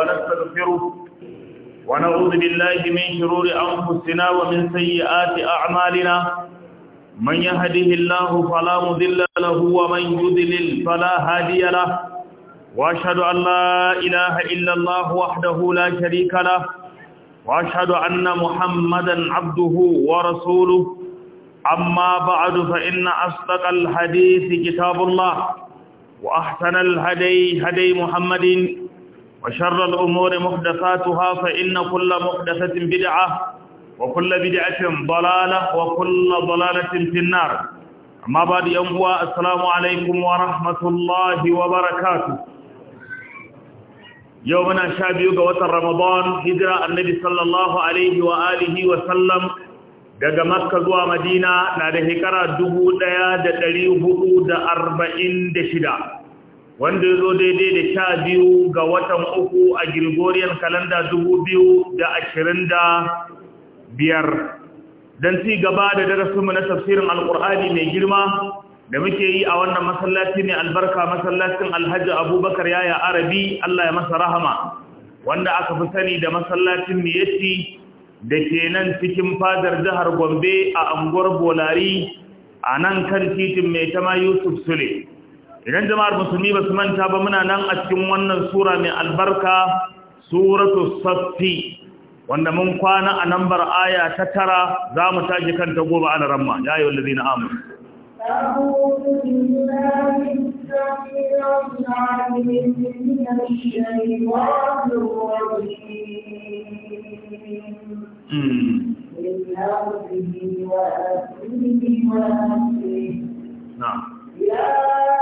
ونستغفره ونعوذ بالله من شرور أنفسنا ومن سيئات أعمالنا من يهده الله فلا مذل له ومن يذلل فلا هادي له وأشهد أن لا إله إلا الله وحده لا شريك له وأشهد أن محمدا عبده ورسوله أما بعد فإن أصدق الحديث كتاب الله وأحسن الهدي هدي محمد وشر الأمور محدثاتها فإن كل محدثة بدعة وكل بدعة ضلالة وكل ضلالة في النار أما بعد يوم السلام عليكم ورحمة الله وبركاته يومنا شابيوك وتر رمضان هجرة النبي صلى الله عليه وآله وسلم daga Makka zuwa Madina na da shekara 1446 wanda ya zo daidai da sha biyu ga watan uku a Gregorian kalanda dubu biyu da ashirin da biyar don ci gaba da darasinmu na tafsirin alkur'ani mai girma da muke yi a wannan masallaci ne albarka masallacin alhaji abubakar yaya arabi Allah ya masa rahama wanda aka fi sani da masallacin miyatti da ke nan cikin fadar jihar gombe a anguwar bolari a nan kan titin mai tama yusuf sule idan jama'ar musulmi ba su manta ba muna nan a cikin wannan sura mai albarka suratu saffi wanda mun kwana a nambar aya ta tara za mu taji kan ta gobe ala ramma ya yi wallazi na amu نعم hmm. hmm.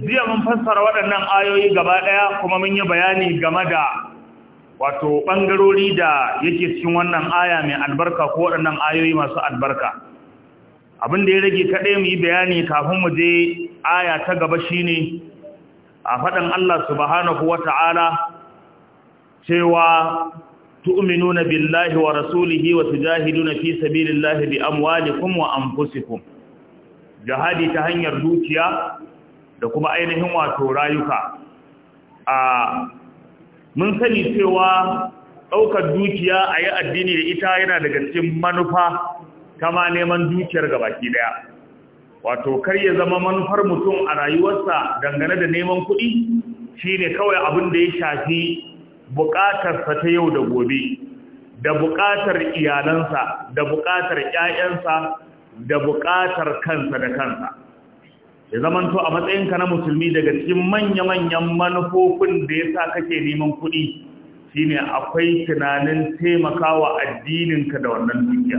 Jiya mun fassara waɗannan ayoyi gaba ɗaya kuma mun yi bayani game da wato ɓangarori da yake cikin wannan aya mai albarka ko waɗannan ayoyi masu albarka. Abin da ya rage kaɗai mu yi bayani kafin mu je aya ta gaba shi ne a faɗin Allah subhanahu wa ta'ala cewa tu'minuna billahi wa rasulihi wa tujahiduna fi sabilillahi bi amwalikum wa anfusikum jihadi ta hanyar dukiya da kuma ainihin wato rayuka a mun sani cewa ɗaukar dukiya a yi addini da ita yana daga cikin manufa ta ma neman dukiyar baki daya wato kar ya zama manufar mutum a rayuwarsa dangane da neman kuɗi shine kawai abin da ya shafi buƙatarsa ta yau da gobe da buƙatar iyalansa da buƙatar ƴaƴansa da buƙatar kansa da kansa ya zamanto a matsayinka na musulmi daga cikin manya-manyan manufofin da ya sa kake neman kuɗi shine akwai tunanin taimakawa addininka da wannan dukiya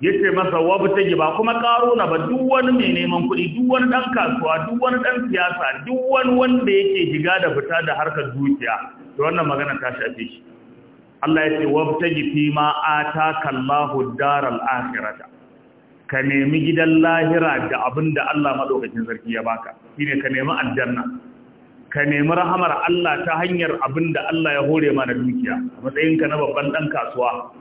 Ya ce masa wabtagi ba kuma karuna ba duk wani mai neman kuɗi duk wani dan kasuwa duk wani dan siyasa duk wani wanda yake shiga da fita da harkar dukiya to wannan magana ta shafe shi Allah ya ce wabtaji fi ma ata kallahu daral akhirata ka nemi gidan lahira da abinda Allah madaukakin sarki ya baka shine ka nemi aljanna ka nemi rahamar Allah ta hanyar abinda Allah ya hore mana dukiya a matsayinka na babban ɗan kasuwa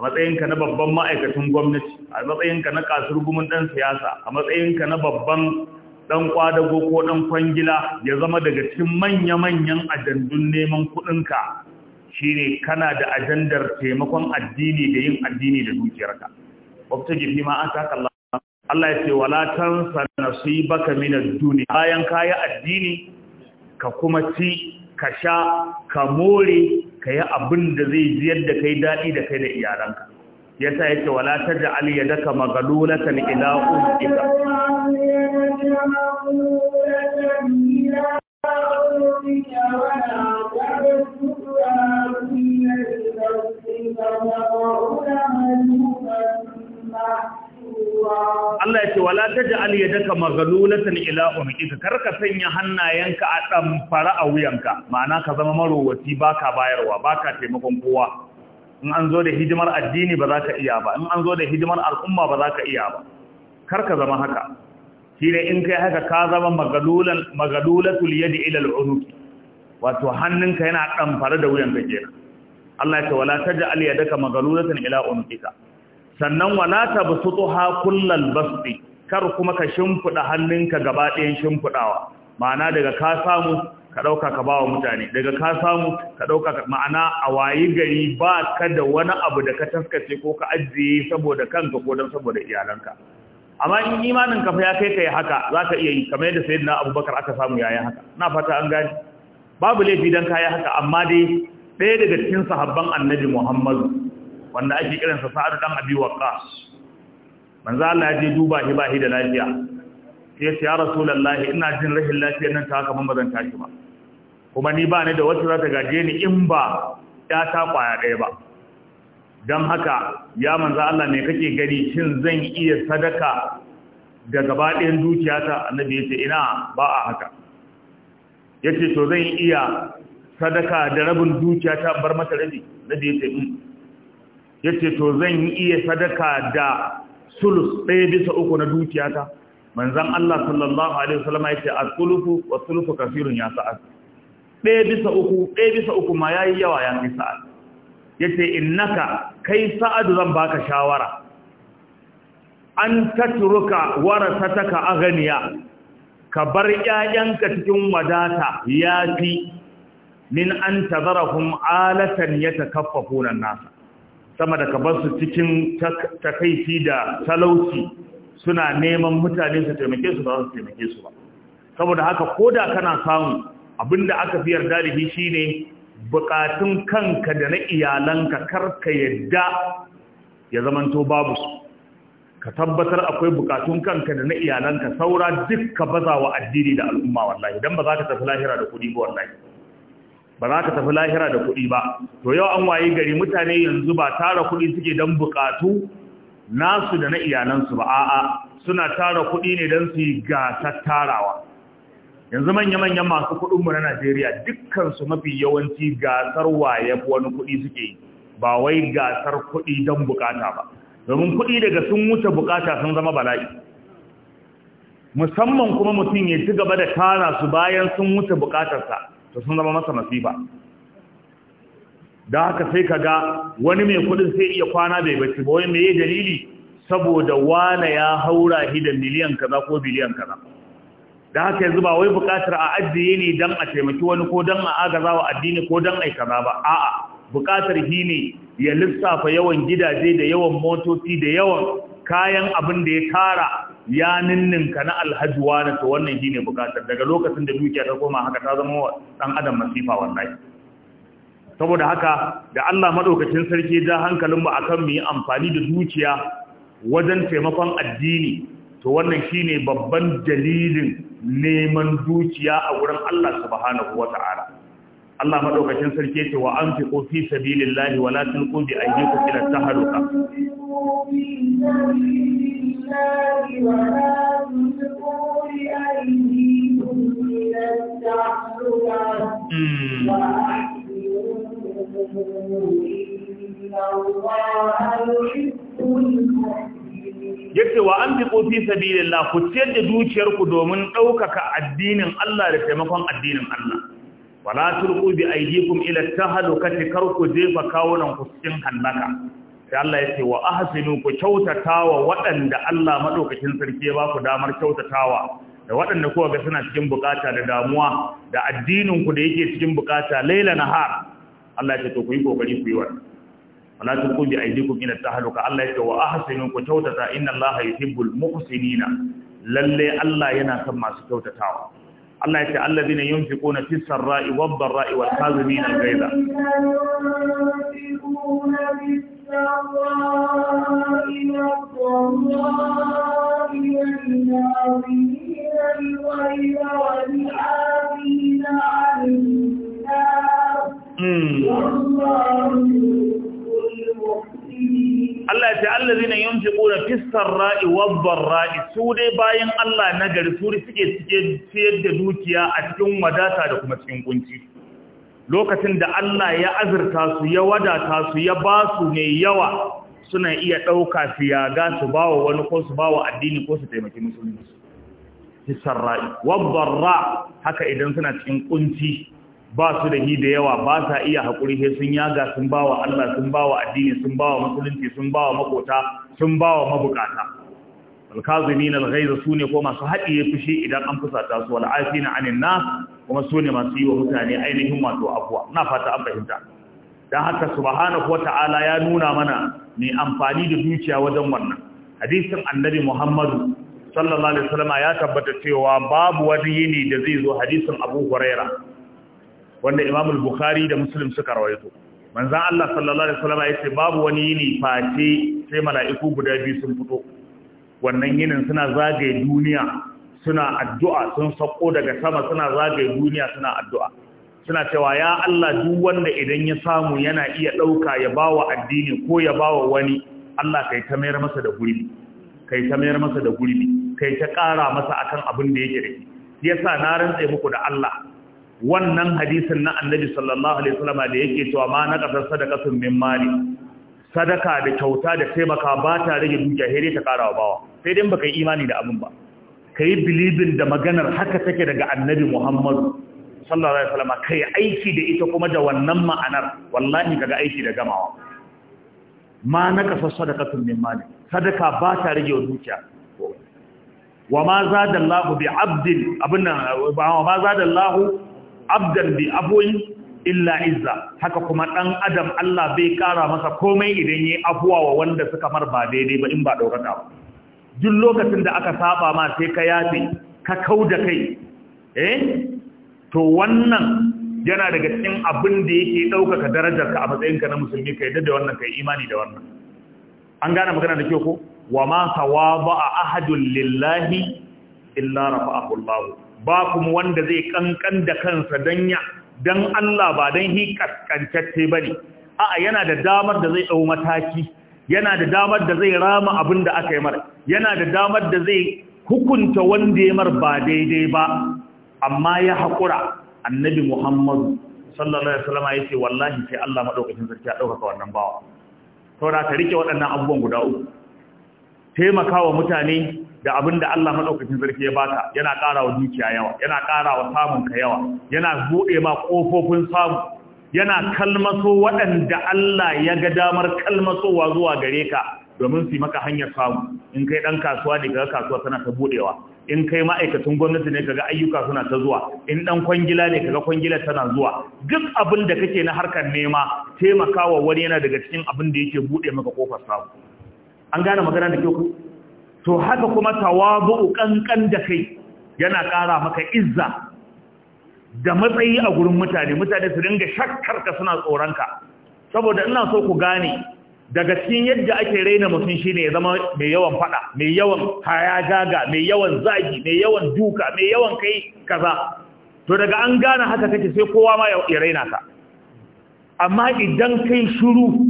a matsayinka na babban ma'aikacin gwamnati a matsayinka na kasurgumin ɗan siyasa a matsayinka na babban ɗan kwadago ko ɗan kwangila ya zama daga cikin manya-manyan ajandun neman kuɗinka shine kana da ajandar taimakon addini da yin addini da dukiyarka wata gifi ma an saka Allah ya ce wala tansa nasibaka min ad duniya. bayan kayi addini ka kuma ci ka sha ka more ka yi abin da zai ziyar da kai daɗi da kai da iyalanka ya sa ya wala ta ja'al ya daka magalulatan ila ulqika Thank you. Allah ya ce wala taj'al yadaka maghlulatan ila umqika karka sanya hannayenka a damfara a wuyanka ma'ana ka zama marowaci baka bayarwa baka taimakon kowa in an zo da hidimar addini ba za ka iya ba in an zo da hidimar al'umma ba za ka iya ba karka zama haka shi ne in kai haka ka zama maghalulan maghalulatul yadi ila al'unuki wato hannunka yana damfara da wuyanka kenan Allah ya ce wala taj'al yadaka maghlulatan ila umqika sannan wala tabsutuha kullal basti kar kuma ka shimfida hannunka gaba ɗayan shimfidawa ma'ana daga ka samu ka dauka ka bawa mutane daga ka samu ka dauka ma'ana a wayi gari ba ka da wani abu da ka taskace ko ka ajiye saboda kanka ko dan saboda iyalanka amma in imanin ka fa ya kai kai haka zaka iya yi kamar yadda sayyidina Abubakar aka samu yayi haka na fata an gani babu laifi dan yi haka amma dai ɗaya daga cikin sahabban Annabi Muhammadu wanda ake kiransa sa'ad dan abi waqas manzo Allah ya je duba shi ba shi da lafiya sai ya ce ya rasulullahi ina jin rashin lafiyar nan ta haka ban bazan tashi ba kuma ni ba ne da wata za ta gaje ni in ba ya ta kwaya ɗaya ba dan haka ya manzo Allah ne kake gani shin zan iya sadaka da gaba ɗayan dukiyata annabi ya ce ina ba a haka ya to zan iya sadaka da rabin dukiyata bar mata rabi annabi ya ce mm. ya ce to zan yi iya sadaka da sulus ɗaya bisa uku na dukiyata manzan Allah sallallahu Alaihi wasallama ya ce a sulufu wa sulufu kafirun ya sa'ad ɗaya bisa uku ɗaya bisa uku ma ya yi yawa ya kai sa'ad ya ce innaka kai sa'ad zan baka shawara an tatturuka warasataka aganiya ka bar ƴaƴanka cikin wadata ya fi min an tabarahum alatan yatakaffafuna nasa sama da kabar su cikin takaici da talauci suna neman mutane su taimake su ba su taimake su ba saboda haka koda kana samu abinda aka fi yarda da shi shine bukatun kanka da na iyalanka karka yadda ya zamanto babu su ka tabbatar akwai bukatun kanka da na iyalanka saura duk ka bazawa addini da al'umma wallahi dan ba za ka tafi lahira da kuɗi ba wallahi ba za ka tafi lahira da kuɗi ba to yau an waye gari mutane yanzu ba tara kuɗi suke don buƙatu nasu da na iyalansu ba a'a suna tara kuɗi ne don su yi gasar tarawa yanzu manya-manyan masu kuɗinmu na najeriya dukkansu mafi yawanci gasar waye wani kuɗi suke yi ba wai gasar kuɗi don buƙata ba domin kuɗi daga sun wuce buƙata sun zama bala'i musamman kuma mutum ya ci gaba da tara su bayan sun wuce buƙatarsa to sun zama masa masifa da haka sai ka ga wani mai kudin sai iya kwana bai bacci ba wai me ya dalili saboda Wana ya haura hidan miliyan kaza ko biliyan kaza da haka yanzu ba wai bukatar a ajiye ne don a taimaki wani ko don a agaza wa addini ko don aika kaza ba a'a bukatar shi ne ya lissafa yawan gidaje da yawan motoci da yawan kayan abin da ya tara ya ninninka na alhaji wani to wannan shi ne bukatar daga lokacin da dukiya ta koma haka ta zama wa ɗan adam masifa wallahi saboda haka da Allah maɗaukacin sarki da hankalin mu akan mu yi amfani da dukiya wajen taimakon addini to wannan shi ne babban dalilin neman dukiya a wurin Allah subhanahu wata'ala Allah madaukakin sarki ce wa anfiqu fi sabilillahi wa la tulqu bi aydikum ila tahluka hmm. yace wa anfiqu fi sabilillah ku ciyar da dukiyarku domin ɗaukaka addinin Allah da taimakon addinin Allah wala turku bi aydikum ila tahlukati karku jefa kawunan ku cikin hannaka. sai Allah ya ce wa ahsinu ku kyautatawa waɗanda Allah madaukakin sarki ya ba ku damar kyautatawa da waɗanda kowa ga suna cikin bukata da damuwa da addinin ku da yake cikin bukata laila nahar Allah ya ce to ku yi kokari ku yi wannan wala tulqu bi aydikum ila tahluka Allah ya ce wa ahsinu ku kyautata inna Allah yuhibbul muhsinina lalle Allah yana son masu kyautatawa الله يتعلم الذين ينفقون في السراء والضراء والحاظمين الغيظة Mm. Allah is the one who Allah ce Allah zina yin fi ƙura fistar ra'i wabban ra'i su dai bayan Allah na gari su suke ciyar da dukiya a cikin wadata da kuma cikin kunci. Lokacin da Allah ya azurta su ya wadata su ya ba su ne yawa suna iya ɗauka su ga su ba wa wani ko su ba wa addini ko su taimaki musulunci. Fistar ra'i, wabban ra haka idan suna cikin kunci ba su da hi da yawa ba sa iya haƙuri sai sun yaga sun bawa Allah sun bawa addini sun bawa musulunci sun bawa makota sun bawa mabukata alkazimin alghaiz su ne ko masu haɗiye fushi idan an fusata su wal afina anin na. kuma su masu yi wa mutane ainihin wato afwa na fata an fahimta dan haka subhanahu wata'ala ya nuna mana mai amfani da dukiya wajen wannan hadisin annabi Muhammadu sallallahu alaihi wasallam ya tabbata cewa babu wani yini da zai zo hadisin Abu Hurairah wanda Imam al-Bukhari da Muslim suka rawaito manzon Allah sallallahu alaihi wasallam yace babu wani yini face sai mala'iku guda biyu sun fito wannan yinin suna zagaye duniya suna addu'a sun sako daga sama suna zagaye duniya suna addu'a suna cewa ya Allah duk wanda idan ya samu yana iya dauka ya bawa addini ko ya bawa wani Allah kai ta mayar masa da gurbi kai ta mayar masa da gurbi kai ta ƙara masa akan abin da yake da shi yasa na rantsa muku da Allah wannan hadisin na annabi sallallahu alaihi wasallama da yake cewa ma na kasar sadakatun min mali sadaka da kyauta da taimaka ba ta rage dukiya sai ta kara wa bawa sai dai baka yi imani da abin ba kai bilibin da maganar haka take daga annabi Muhammadu sallallahu alaihi wasallama kai aiki da ita kuma da wannan ma'anar wallahi kaga aiki da gamawa ma na kasar sadakatun min mali sadaka ba ta rage dukiya wa ma zada Allahu bi abdin abin nan wa ma zada Allahu abdan bi abun illa izza haka kuma dan adam Allah bai kara masa komai idan yayi afuwa wa wanda suka mar ba daidai ba in ba daukaka ba duk lokacin da aka saba ma sai ka yafe ka kauda kai eh to wannan yana daga cikin abin da yake daukaka darajarka a matsayinka na musulmi kai da wannan kai imani da wannan an gane magana da kyau ko wa ma sawaba ahadun lillahi illa rafa'ahu Allah ba kuma wanda zai kankan da kansa don ya don Allah ba don hi kaskantacce ba ne a'a yana da damar da zai ɗau mataki yana da damar da zai rama abin da aka yi mara yana da damar da zai hukunta wanda ya mara ba daidai ba amma ya haƙura annabi muhammadu sallallahu alaihi wasallam ya ce wallahi sai Allah madaukakin sarki ya dauka wannan bawa saboda ta rike waɗannan abubuwan guda uku taimaka wa mutane da abin da Allah maɗaukacin sarki ya baka yana ƙara wa dukiya yawa yana ƙara wa samun ka yawa yana buɗe ma ƙofofin samu yana kalmaso waɗanda Allah ya ga damar kalmasowa zuwa gare ka domin su maka hanyar samu in kai ɗan kasuwa ne kaga kasuwa tana ta buɗewa in kai ma'aikatan gwamnati ne kaga ayyuka suna ta zuwa in ɗan kwangila ne kaga kwangila tana zuwa duk abin da kake na harkar nema taimakawa wani yana daga cikin abin da yake buɗe maka ƙofar samu an gane magana da kyau to haka kuma tawabu kankan da kai yana kara maka izza da matsayi a gurin mutane mutane su dinga shakkar ka suna tsoron ka saboda ina so ku gane daga cikin yadda ake raina mutum shine ya zama mai yawan fada mai yawan gaga mai yawan zagi mai yawan duka mai yawan kai kaza to daga an gane haka kake sai kowa ma ya raina ka amma idan kai shiru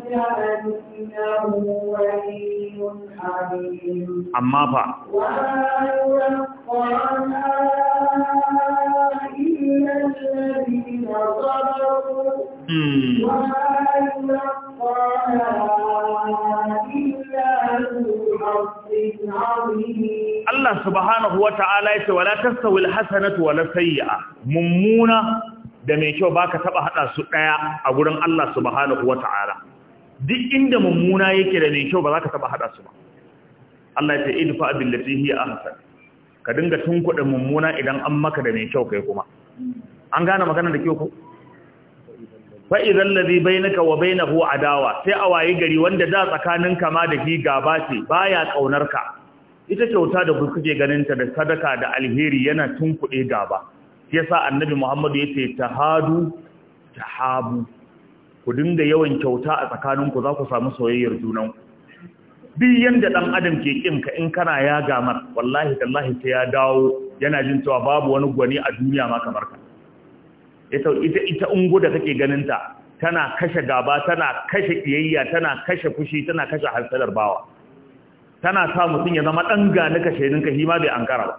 amma fa Allah subhanahu wa ta'ala ya ce wala tasawil hasanatu wala sayyi'a mummuna da mai kyau baka taba hada su daya a gurin Allah subhanahu wa ta'ala duk inda mummuna yake da mai kyau ba za ka taba hada su ba Allah ya ce idfa billati hi ahsan ka dinga tunkuɗa mummuna idan an maka da mai kyau kai kuma an gane magana da kyau ko fa idan ladhi bainaka wa bainahu adawa sai a waye gari wanda da tsakanin kama da shi gaba ce baya kaunar ka ita kyauta da kuke ganin ta da sadaka da alheri yana tunkuɗe gaba yasa annabi Muhammad ya ce tahadu tahabu ku dinga yawan kyauta a tsakaninku za ku samu soyayyar junanku duk yanda ɗan adam ke kin ka in kana ya gamar wallahi tallahi sai ya dawo yana jin cewa babu wani gwani a duniya ma kamar ka ita ita ungo da kake ganin ta tana kashe gaba tana kashe kiyayya tana kashe fushi tana kashe hasalar bawa tana sa mutum ya zama dan gani kashe din ka hima bai ankara ba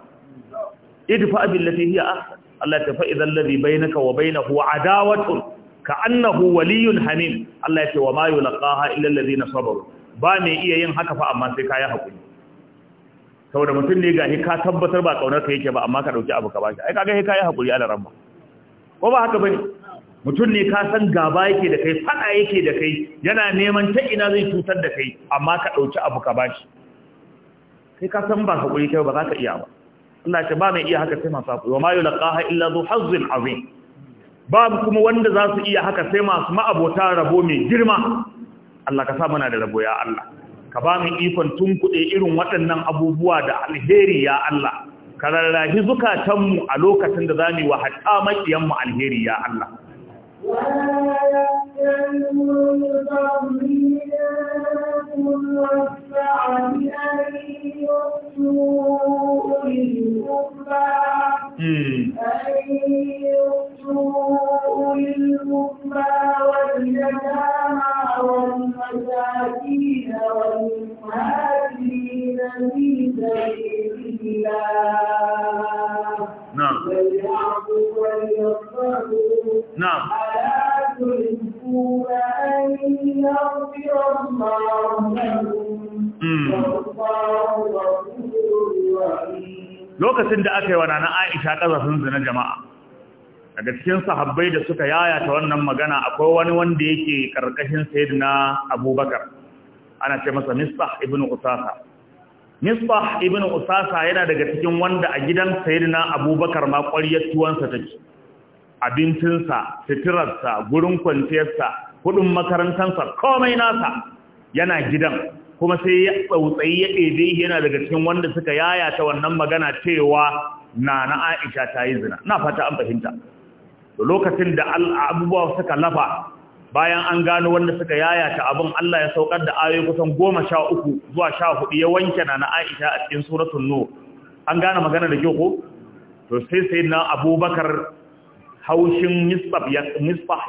idfa billati hiya ahsan Allah ta fa idan ladhi bainaka wa bainahu adawatun ka annahu waliyun hamim Allah ya ce wa ma yulqaha illa allazina sabaru ba mai iya yin haka fa amma sai kai hakuri saboda mutum ne gahi ka tabbatar ba kaunar ka yake ba amma ka dauki abu ka bashi ai kaga sai kai hakuri ala ramma ko ba haka bane mutum ne ka san gaba yake da kai fada yake da kai yana neman ta ina zai cutar da kai amma ka dauki abu ka bashi Sai ka san ba hakuri kai ba za ka iya ba Allah ya ce ba mai iya haka sai masu hakuri wa ma yulqaha illa dhu hazzin azim babu kuma wanda za su iya haka sai masu ma'abota rabo mai girma Allah ka sa mana da rabo ya Allah ka ba mu ikon tunkuɗe irin waɗannan abubuwa da alheri ya Allah ka rarrahi zukatanmu a lokacin da za mu yi wa hatta maƙiyanmu alheri ya Allah ولا يأتلون تضليلكم والسعي أن يؤتوا أولي القربى أن يؤتوا أولي القربى واليتامى والمساكين والمهاجرين في سبيل الله lokacin da aka yi wa nana Aisha kazafin zina jama'a daga cikin sahabbai da suka yaya ta wannan magana akwai wani wanda yake karkashin sayyidina Abubakar ana ce masa ibn Usasa Mistah ibn Usasa yana daga cikin wanda a gidan sayyidina Abubakar ma ƙwariyar tuwansa take abincinsa sitirarsa gurin kwanciyarsa kuɗin makarantarsa komai nasa yana gidan kuma sai ya tsautsayi ya ɗebe yana daga cikin wanda suka yayata wannan magana cewa na na Aisha ta yi zina na fata an fahimta to lokacin da abubuwa suka lafa bayan an gano wanda suka yayata ta abin Allah ya saukar da ayoyi kusan goma sha uku zuwa sha hudu ya wanke na na Aisha a cikin suratul nur an gane magana da kyau ko to sai sai na Abubakar haushin misbah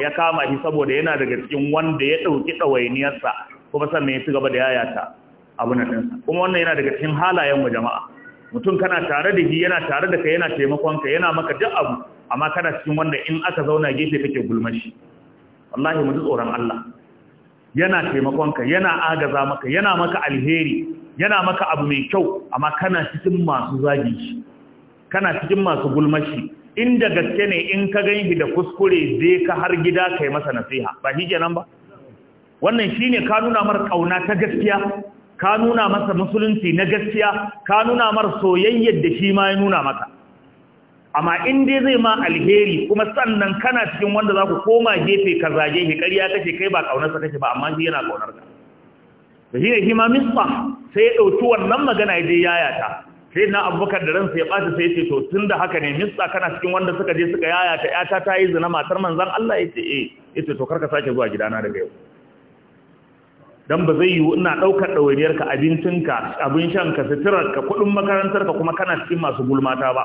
ya kama shi saboda yana daga cikin wanda ya ɗauki ɗawainiyarsa. kuma sannan ya ci gaba da yayata abu na ɗinsa kuma wannan yana daga cikin halayen mu jama'a mutum kana tare da shi yana tare da kai. yana taimakon ka yana maka duk abu amma kana cikin wanda in aka zauna gefe kake gulmashi wallahi mu ji tsoron Allah yana taimakon ka yana agaza maka yana maka alheri yana maka abu mai kyau amma kana cikin masu zagi shi kana cikin masu gulmashi inda gaske ne in ka ganyi da kuskure zai ka har gida kai masa nasiha ba shi kenan ba wannan shine ka nuna mara kauna ta gaskiya ka nuna masa musulunci na gaskiya ka nuna mara soyayyar da shi ma ya nuna maka amma in dai zai ma alheri kuma sannan kana cikin wanda za ku koma gefe ka zage shi ƙarya kake kai ba ƙaunarsa kake ba amma shi yana ƙaunar ka da shi ne shi ma sai ya ɗauki wannan magana ya je yayata sai na abubakar da ransa ya ɓata sai ya ce to tun da haka ne Mista kana cikin wanda suka je suka yayata ƴata ta yi zina matar manzan Allah ya ce eh ya ce to karka sake zuwa gidana daga yau don ba zai yiwu ina ɗaukar ɗawainiyarka abincinka abin shanka suturarka kuɗin makarantarka kuma kana cikin masu gulmata ba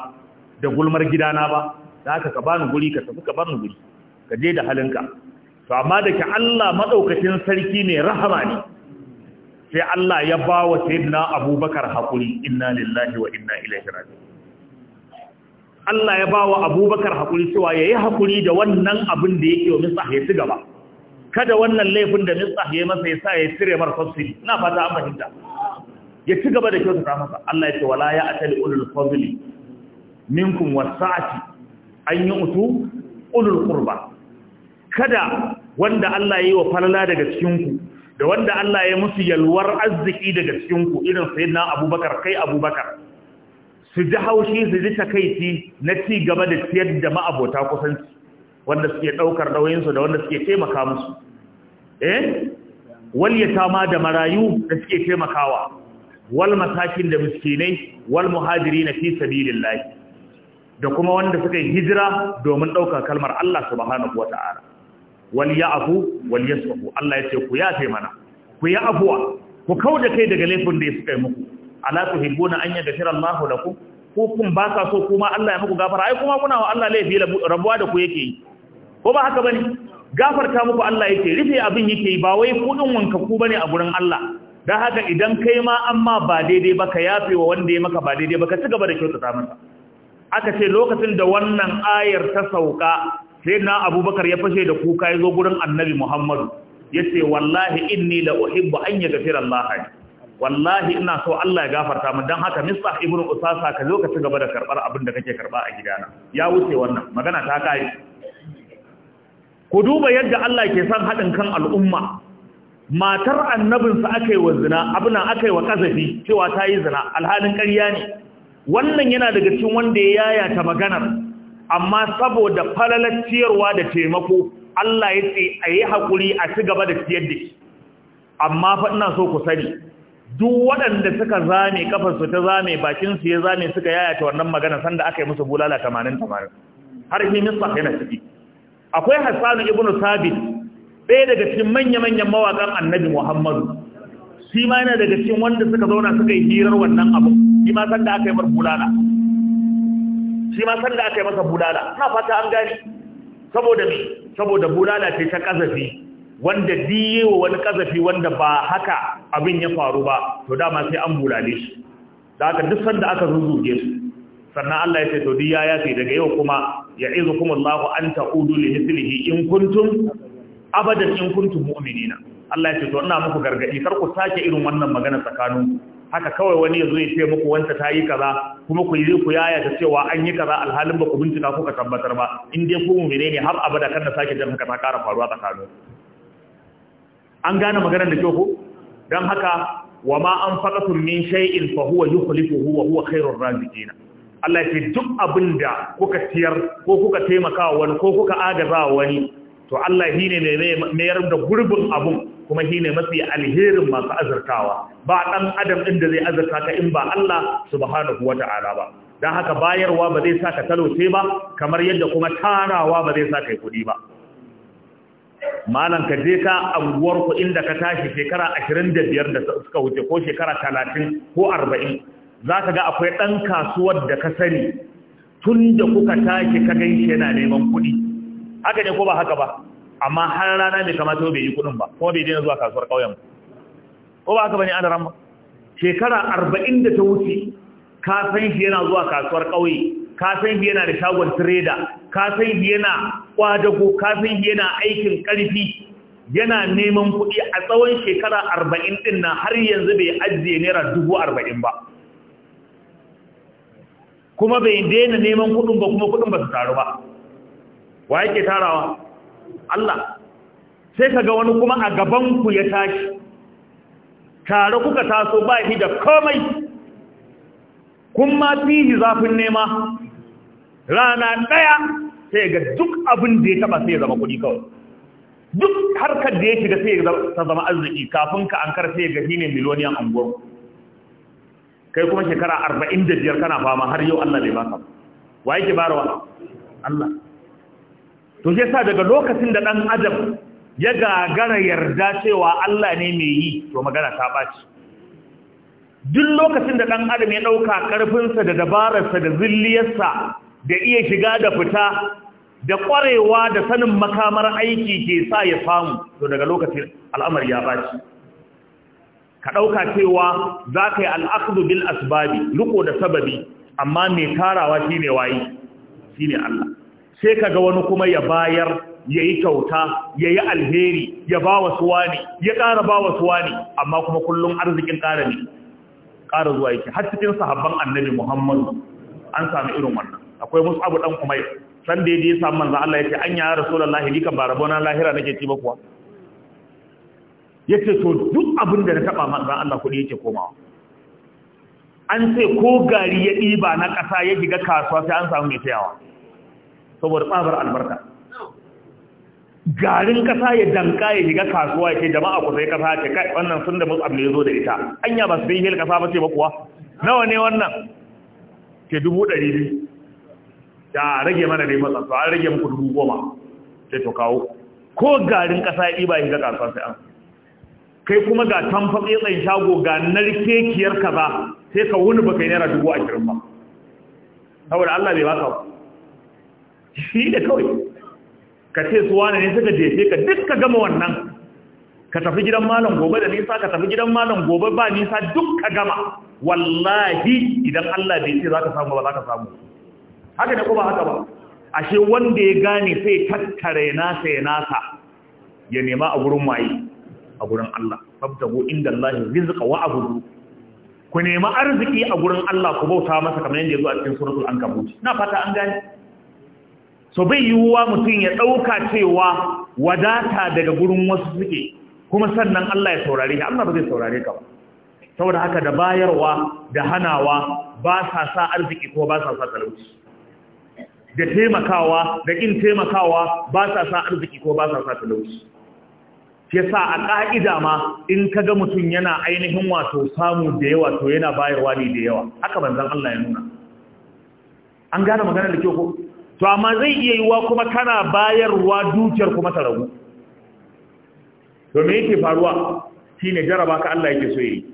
da gulmar gidana ba da haka ka bani guri ka tafi ka bani guri ka je da halinka to amma da ke Allah maɗaukacin sarki ne rahama ne sai Allah ya ba wa sayyidina abubakar haƙuri inna lillahi wa inna ilaihi raji Allah ya ba wa abubakar haƙuri cewa ya yi haƙuri da wannan abin da yake wa misa ya gaba kada wannan laifin da mitsah ya masa ya sa ya cire mar tafsiri ina fata an fahimta ya ci gaba da kyautata masa Allah ya ce wala ya atali ulul fadli minkum wasa'ati an yi utu ulul qurba kada wanda Allah ya yi wa falala daga cikin ku da wanda Allah ya musu yalwar arziki daga cikin ku irin sayyidina Abubakar kai Abubakar su ji haushi su ji takaici na ci gaba da ciyar da ma'abota kusanci wanda suke ɗaukar ɗauyinsu da wanda suke taimaka musu eh waliyata ma da marayu da suke taimakawa wal masakin da miskinai wal muhajiri na fi sabilillahi da kuma wanda suka yi hijira domin ɗaukar kalmar Allah subhanahu wa ta'ala wal ya'fu wal yasfu Allah ya ce ku yafe mana ku ya afuwa ku kauda kai daga laifin da ya suka yi muku ala tuhibbuna an yaghfira Allahu lakum ko kun ba ka so kuma Allah ya muku gafara ai kuma kuna wa Allah laifi rabuwa da ku yake yi ko ba haka bane gafarta muku Allah yake rufe abin yake ba wai kudin wanka ku bane a gurin Allah dan haka idan kai ma amma ba daidai ba ka yafe wa wanda ya maka ba daidai ba ka ci gaba da kyautata masa aka ce lokacin da wannan ayar ta sauka sai na abubakar ya fashe da kuka ya zo gurin annabi muhammadu yace ce wallahi inni la uhibbu an ya Allah wallahi ina so Allah ya gafarta mu dan haka misbah ibnu usasa ka zo ka ci gaba da karbar abin da kake karba a gidana ya wuce wannan magana ta kai ku duba yadda Allah ke son haɗin kan al'umma matar annabinsa aka yi wa zina abuna aka yi wa ƙazafi cewa ta yi zina alhalin ƙarya ne wannan yana daga cikin wanda ya yayata maganar amma saboda falalar ciyarwa da taimako Allah ya ce a yi haƙuri a ci gaba da ciyar da shi amma faɗina so ku sani duk waɗanda suka zame kafarsu ta zame bakinsu ya zame suka yayata wannan magana sanda aka yi musu bulala tamanin tamanin har yi nisa yana ciki akwai hassanu ibn sabit ɗaya daga cikin manya-manyan mawaƙan annabi muhammadu shi ma yana daga cikin wanda suka zauna suka yi hirar wannan abu shi ma san da aka yi masa bulala shi ma san da aka yi masa bulala na fata an gani saboda me saboda bulala ce ta kazafi wanda diye wa wani kazafi wanda ba haka abin ya faru ba to dama sai an bulale shi da haka duk sanda aka zuzuge su sannan Allah ya ce to diya ya ce daga yau kuma ya kuma Allah an ta'udu li mithlihi in kuntum abadan in kuntum mu'minina Allah ya ce to ina muku gargadi kar ku sake irin wannan magana tsakanin haka kawai wani yazo ya ce muku wanta ta yi kaza kuma ku yi ku yaya ta cewa an yi kaza alhalin ba ku bincika ka tabbatar ba in dai ku mu'mine ne har abada kan da sake jan haka ta kara faruwa tsakanin an gane maganar da kyau ko dan haka wa ma an faka min shay'in fa huwa yukhlifuhu wa huwa khairur raziqina Allah ce duk abin da kuka tiyar ko kuka taimaka wani ko kuka agaza wani to Allah shi ne mai mayar da gurbin abun kuma shi ne mafi alherin masu azurtawa ba ɗan adam ɗin da zai azurta ka in ba Allah subhanahu wa ta'ala ba dan haka bayarwa ba zai sa ka talauce ba kamar yadda kuma tarawa ba zai sa ka yi kuɗi ba malam ka je ka ku inda ka tashi shekara 25 da suka wuce ko shekara 30 ko 40 za ka ga akwai ɗan kasuwar da ka sani tun da kuka tashi ka gan shi yana neman kuɗi haka ne ko ba haka ba amma har rana mai kamata bai yi kuɗin ba kuma bai daina zuwa kasuwar ƙauyen ko ba haka ba ne ana ramba shekara arba'in da ta wuce ka san shi yana zuwa kasuwar ƙauye ka san shi yana da shagon tireda ka san shi yana kwadago ka san shi yana aikin ƙarfi yana neman kuɗi a tsawon shekara arba'in ɗin na har yanzu bai ajiye naira dubu arba'in ba kuma bai daina neman kudin ba kuma kudin ba su taru ba wa yake tarawa Allah sai ka ga wani kuma a gaban ku ya tashi tare kuka taso ba shi da komai kun ma fihi zafin nema rana ɗaya sai ga duk abin da ya taba sai ya zama kuɗi kawai duk harkar da ya shiga sai ya zama arziki kafin ka an karfe ga shine ne miliyoniyan anguwarku kai kuma shekara arba'in da biyar kana fama har yau Allah bai baka wa yake bara wa Allah to shi yasa daga lokacin da dan adam ya gagara yarda cewa Allah ne mai yi to magana ta baci duk lokacin da dan adam ya dauka sa da dabararsa da zilliyarsa da iya shiga da fita da kwarewa da sanin makamar aiki ke sa ya samu to daga lokacin al'amari ya baci ka ɗauka cewa za ka yi al'akdu bil asbabi riko da sababi amma mai tarawa shi ne wayi shi Allah sai ka ga wani kuma ya bayar ya yi kyauta ya yi alheri ya ba wa suwa ya ƙara ba wa suwa amma kuma kullum arzikin ƙara ne ƙara zuwa yake har cikin sahabban annabi muhammadu an sami irin wannan akwai musu abu ɗan kuma san da ya je samun Allah ya ce an yi ya lahiri ba rabona lahira nake ci ba kuwa yace to duk abin da na taba manzon Allah kudi yake komawa an ce ko gari ya ɗiba na ƙasa ya shiga kasuwa sai an samu mai tayawa saboda tsabar albarka garin ƙasa ya danka ya shiga kasuwa ya ce jama'a ku sai ƙasa ce kai wannan sun da musab ne ya zo da ita anya ba su yi hil ƙasa ba ce ba kuwa nawa ne wannan ke dubu ɗari biyu da rage mana dai to an rage muku dubu goma sai to kawo ko garin ƙasa ya ɗiba ya shiga kasuwa sai an kai kuma ga tamfa tsaitsayin shago ga narkekiyar ba, sai ka wuni baka yi naira dubu ashirin ba saboda Allah bai baka shi da kawai ka ce su wane ne suka jefe ka duk ka gama wannan ka tafi gidan malam gobe da nisa ka tafi gidan malam gobe ba nisa duk ka gama wallahi idan Allah bai ce za ka samu ba za ka samu haka ne ko ba haka ba ashe wanda ya gane sai tattare nasa ya nasa ya nema a gurin waye a gurin Allah fabtahu inda Allah rizqa wa abudu ku nemi arziki a gurin Allah ku bauta masa kamar yadda ya zo a cikin suratul ankabut na fata an gane so bai yiwuwa mutum ya dauka cewa wadata daga gurin wasu suke kuma sannan Allah ya saurare ka Allah ba zai saurare ka ba saboda haka da bayarwa da hanawa ba sa sa arziki ko ba sa sa talauci da taimakawa da kin taimakawa ba sa sa arziki ko ba sa sa talauci ya sa a ƙa'ida ma in ka ga mutum yana ainihin wato samu da yawa to yana bayarwa ne da yawa haka banzan Allah ya nuna an gane magana da kyau ko to amma zai iya yiwa kuma kana bayarwa dukiyar kuma ta ragu to me yake faruwa shine jaraba ka Allah yake so yi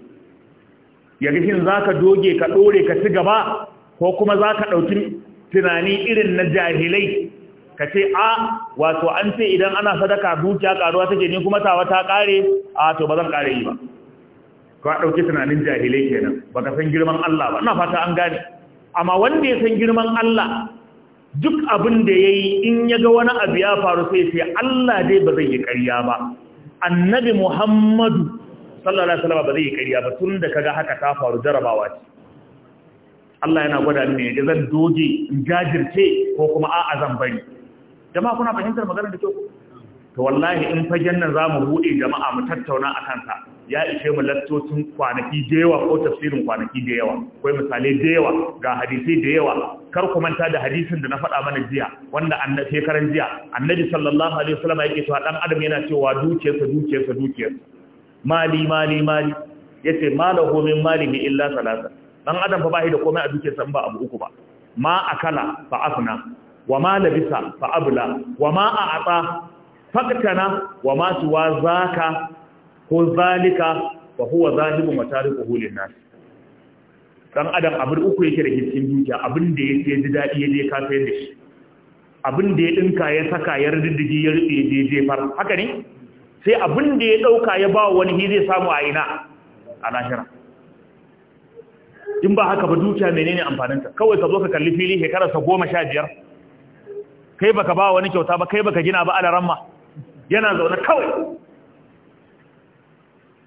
ya ga shin zaka doge ka dore ka ci gaba ko kuma zaka ɗauki tunani irin na jahilai ka ce a wato an ce idan ana sadaka dukiya karuwa take ni kuma tawa ta kare a to ba zan kare yi ba ka dauke tunanin jahilai kenan baka san girman Allah ba ina fata an gane amma wanda ya san girman Allah duk abin da yayi in ya ga wani abu ya faru sai sai Allah dai ba zai yi ƙarya ba annabi Muhammadu sallallahu alaihi wasallam ba zai yi ƙarya ba tun da kaga haka ta faru jarabawa ce Allah yana gwada ne zan doge in jajirce ko kuma a'a zan bari jama'a kuna fahimtar maganar da kyau to wallahi in fagen nan zamu bude jama'a mu tattauna a kansa ya ishe mu lattocin kwanaki da yawa ko tafsirin kwanaki da yawa akwai misalai da yawa ga hadisi da yawa kar ku manta da hadisin da na faɗa mana jiya wanda annabi shekaran jiya annabi sallallahu alaihi wasallam yake cewa dan adam yana cewa dukiyarsa dukiyarsa dukiyarsa mali mali mali yace malahu min bi illa salasa dan adam fa shi da komai a dukiyarsa ba abu uku ba ma akala fa afna wa ma labisa fa abla wa ma a'ata faktana wa ma tuwa zaka ko zalika fa huwa zahibun wa tarikuhu linnas dan adam abin uku yake da hikin dukiya abin da yake ji dadi ya je ka sai da shi abin da ya dinka ya saka ya riddige ya rube je je far haka ne sai abin da ya dauka ya ba wani shi zai samu a ina a lahira in ba haka ba dukiya menene amfaninta kawai ka zo ka kalli fili shekara sa goma sha biyar kai baka ba wani kyauta ba kai baka gina ba alaramma yana zaune kawai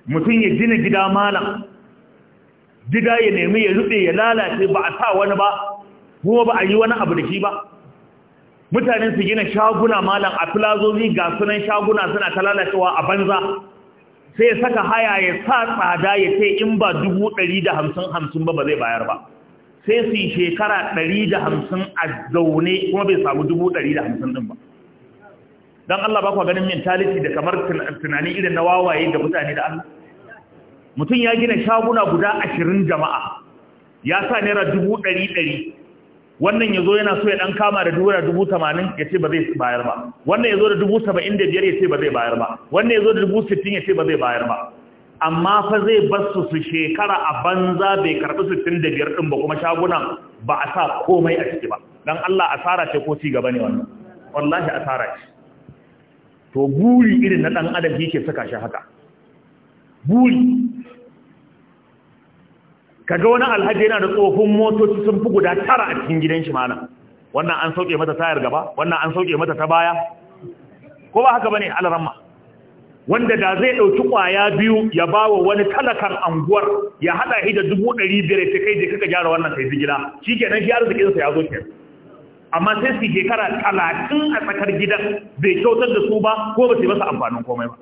mutum ya gina gida malam gida ya nemi ya rube ya lalace ba a sa wani ba kuma ba a yi wani abu da shi ba Mutanen su gina shaguna malam a filazomi ga sunan shaguna suna ta lalacewa a banza sai ya saka haya ya sa tsada ya ce in ba dubu ɗari da hamsin hamsin ba ba zai bayar ba sai su yi shekara 150 a zaune kuma bai samu 150 din ba don Allah ba kuwa ganin mentality da kamar tunani irin na wawaye da mutane da Allah mutum ya gina shaguna guda ashirin jama'a ya sa naira dubu ɗari ɗari wannan ya zo yana so ya ɗan kama da dubu dubu tamanin ya ce ba zai bayar ba wannan ya zo da dubu saba'in da biyar ya ce ba zai bayar ba wannan ya zo da dubu sittin ya ce ba zai bayar ba amma fa zai basu su shekara a banza bai karɓi sittin da biyar ɗin ba kuma shagunan ba a sa komai a ciki ba don Allah asara ce ko ci gaba ne wannan wallahi asara ce to buri irin na ɗan adam yake saka shi haka buri kaga wani alhaji yana da tsohon motoci sun fi guda tara a cikin gidan shi mana wannan an sauke mata tayar gaba wannan an sauke mata ta baya ko ba haka bane alaramma wanda da zai ɗauki kwaya biyu ya ba wa wani talakan anguwar ya haɗa shi da dubu ɗari biyar ta kai da kaka gyara wannan kai gida shi ke nan shi arzikinsa ya zo ke amma sai su kara talatin a tsakar gidan bai kyautar da su ba ko ba su yi masa amfanin komai ba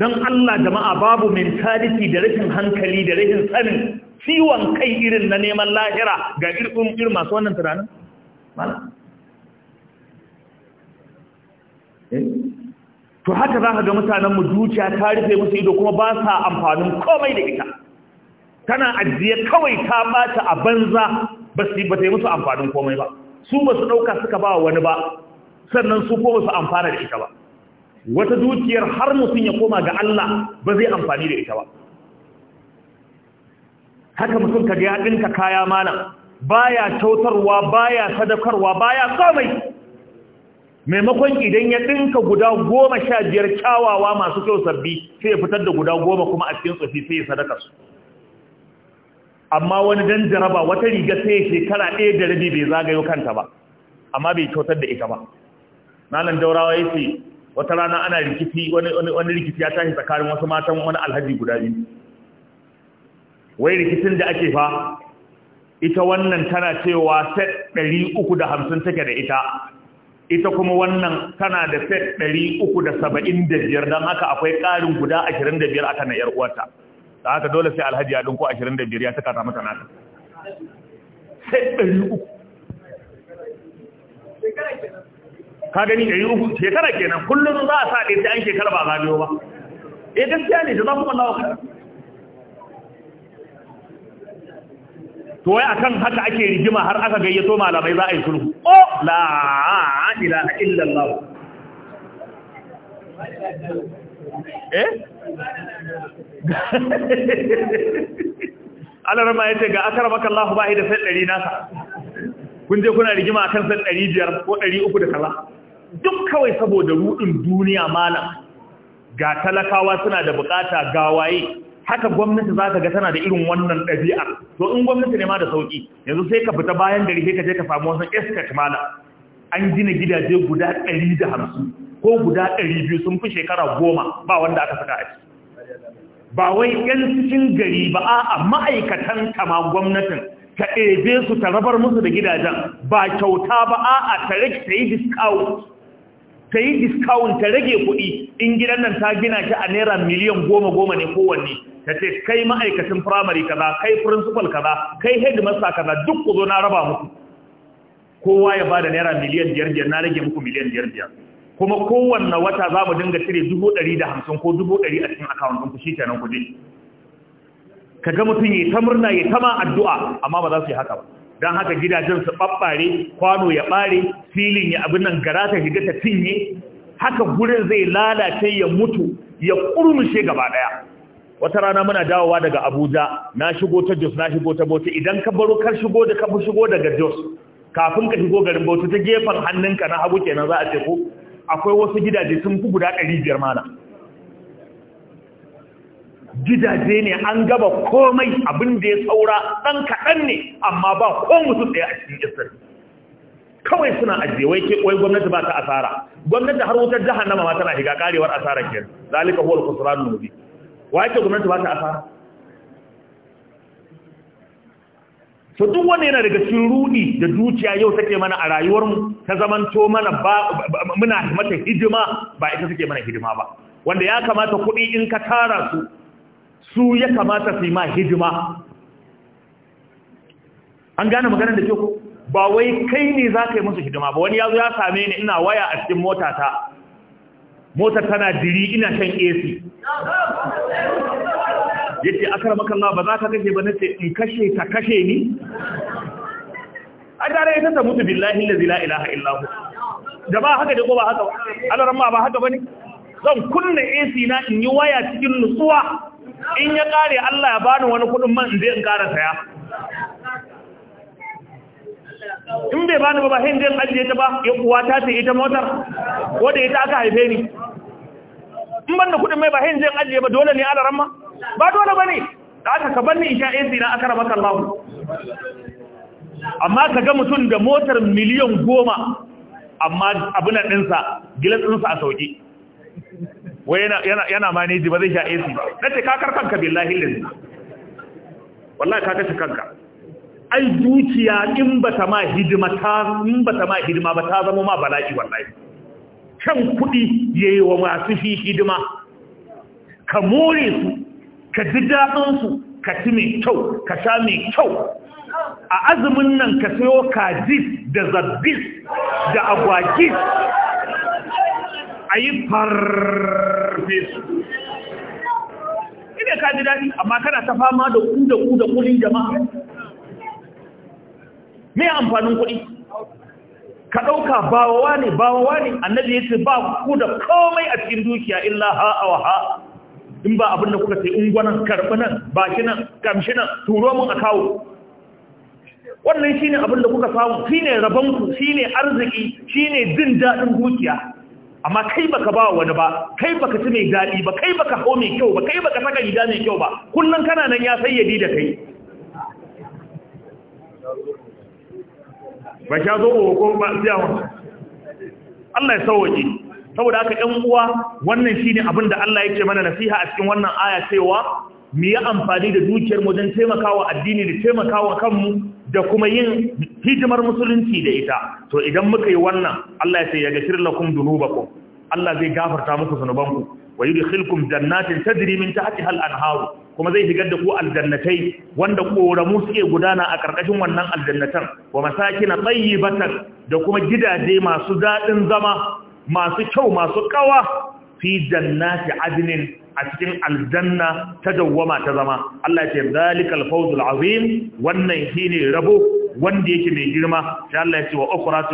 don Allah jama'a babu mentality da rashin hankali da rashin sanin ciwon kai irin na neman lahira ga irin masu wannan tunanin? to haka za ka ga mu dukiya ta rufe musu ido kuma ba sa amfanin komai da ita tana ajiye kawai ta bata a banza ba su ba ta musu amfanin komai ba su ba su ɗauka suka ba wani ba sannan su ko ba su amfana da ita ba wata dukiyar har mutum ya koma ga Allah ba zai amfani da ita ba haka mutum ka ga ya ɗinka kaya mana baya tautarwa baya sadakarwa baya komai maimakon idan ya ɗinka guda goma sha biyar kyawawa masu kyau sabbi sai ya fitar da guda goma kuma a cikin tsofi sai ya sadaka su amma wani dan jaraba wata riga sai ya shekara ɗaya da rabi bai zagayo kanta ba amma bai kyautar da ita ba nanan daurawa ya ce wata rana ana rikici wani rikici ya tashi tsakanin wasu matan wani alhaji guda biyu wai rikicin da ake fa ita wannan tana cewa set hamsin take da ita ita kuma wannan tana da set 375 don haka akwai ƙarin guda 25 aka na ‘yar uwarta da haka dole sai alhaji ya ɗinko 25 ya saka ta mata nata set ka gani 300 shekara kenan kullum za a sa ɗaya ta an shekara ba biyo ba eh gaskiya ne da za kuma lawa to wai akan haka ake rigima har aka gayyato malamai za a yi sulhu oh la ilaha illallah eh alar ma yace ga akara maka Allah ba da sai dari nasa kun je kuna rigima akan sai dari biyar ko dari uku da kaza duk kawai saboda rudin duniya malam ga talakawa suna da bukata ga waye haka gwamnati za ka ga tana da irin wannan ɗabi'a to in gwamnati ne ma da sauƙi yanzu sai ka fita bayan gari sai ka je ka samu wasu eskat mala an gina gidaje guda ɗari da hamsin ko guda ɗari biyu sun fi shekara goma ba wanda aka saka a ciki ba wai ƴan cikin gari ba a'a ma'aikatan kama gwamnatin Ka ɗebe su ta rabar musu da gidajen ba kyauta ba a'a ta rage ta yi discount ta yi discount ta rage kuɗi in gidan nan ta gina shi a naira miliyan goma goma ne kowanne ta ce kai ma'aikacin firamare kaza kai principal kaza kai headmaster kaza duk ku zo na raba muku kowa ya bada naira miliyan biyar biyar na rage muku miliyan biyar biyar kuma kowanne wata za mu dinga cire dubu ɗari da hamsin ko dubu ɗari a cikin akawun ɗin ku shi kenan ku je ka ga mutum ya ta murna ya ta ma addu'a amma ba za su yi haka ba don haka gidajen su ɓaɓɓare kwano ya ɓare filin ya abin nan gara ta shiga ta cinye haka gurin zai lalace ya mutu ya ƙurmushe gaba ɗaya wata rana muna dawowa daga abuja na shigo ta jos na shigo ta bauchi idan ka baro kar shigo da ka fi shigo daga jos kafin ka shigo garin bauchi ta gefen hannunka na hagu kenan za a ce ko akwai wasu gidaje sun fi guda ɗari biyar mana gidaje ne an gaba komai abin da ya saura ɗan kaɗan ne amma ba ko mutum ɗaya a cikin isar kawai suna ajiye wai ke wai gwamnati ba ta asara gwamnati har wutar jahannama ma tana shiga karewar asarar kenan zalika huwal khusranul mubin wa ake gwamnati ba ta asara to duk wanda yana daga cikin rudi da zuciya yau take mana a rayuwarmu ta zamanto mana ba muna mata hidima ba ita take mana hidima ba wanda ya kamata kuɗi in ka tara su su ya kamata su yi ma hidima an gane maganar da ke ba wai kai ne za ka yi musu hidima ba wani ya zo ya same ni ina waya a cikin mota ta motar tana diri ina shan AC yace akar makalla ba za ka kashe ba nace in kashe ta kashe ni adara ita ta mutu billahi allazi la ilaha illa hu ba haka da ko ba haka ba alaran ma ba haka bane zan kunna AC na in yi waya cikin nutsuwa in ya kare Allah ya bani wani kudin man in je in kara saya in bai bani ba ba hin jin ajiye ta ba ya kuwa ta ce ita motar wadda ita aka haife ni in ban da kudin mai ba hin jin ajiye ba dole ne a ramma ba dole ba ne da aka ka banni isha AC na aka rama kallahu amma ka ga mutum da motar miliyan goma amma abin ɗinsa gilas ɗinsa a sauƙi wai yana maneji ba zai sha AC ba na ce kakar kanka billahi lalzi wallahi ka kashe kanka ai dukiya in bata ma hidima ta in bata ma hidima ba ta zama ma bala'i wallahi kan kuɗi yayi wa masu fi hidima ka more su ka ji daɗinsu, su ka ci mai kyau ka sha mai kyau a azumin nan ka sayo kajis da zabbis da agwagis a yi farfesu ina ka ji daɗi amma kana ta fama da ku da ku da kulin jama'a me amfanin kuɗi ka ɗauka bawawa ne bawawa ne annabi ya ce ba ku da komai a cikin dukiya illa ha'a wa ha'a in ba abin da kuka ce ungwanan karɓi nan baki nan kamshi nan turo mun a kawo wannan shi ne abin da kuka samu shi ne rabonku shi ne arziki shi ne jin daɗin dukiya amma kai baka ba wani ba kai baka ci mai daɗi ba kai baka hau mai kyau ba kai baka saka gida mai kyau ba kullum kana nan ya sayyadi da kai ba sha zo ba ko ba siya Allah ya sauwaje saboda haka ɗan uwa wannan shine abin da Allah yake mana nasiha a cikin wannan aya cewa mu yi amfani da dukiyar mu don taimakawa addini da taimakawa kanmu da kuma yin hijimar musulunci da ita to idan muka yi wannan Allah ya ce ya gashir lakum dunubakum Allah zai gafarta muku zunubanku wa yudkhilkum jannatin tajri min tahtiha al-anharu kuma zai shigar da ku aljannatai wanda koramu suke gudana a ƙarƙashin wannan aljannatan wa masakin tayyibatan da kuma gidaje masu daɗin zama masu kyau masu kawa fi jannati adnin a cikin aljanna ta dawwama ta zama Allah ya ce zalikal fawzul azim wannan shine rabo wanda yake mai girma sai Allah ya ce wa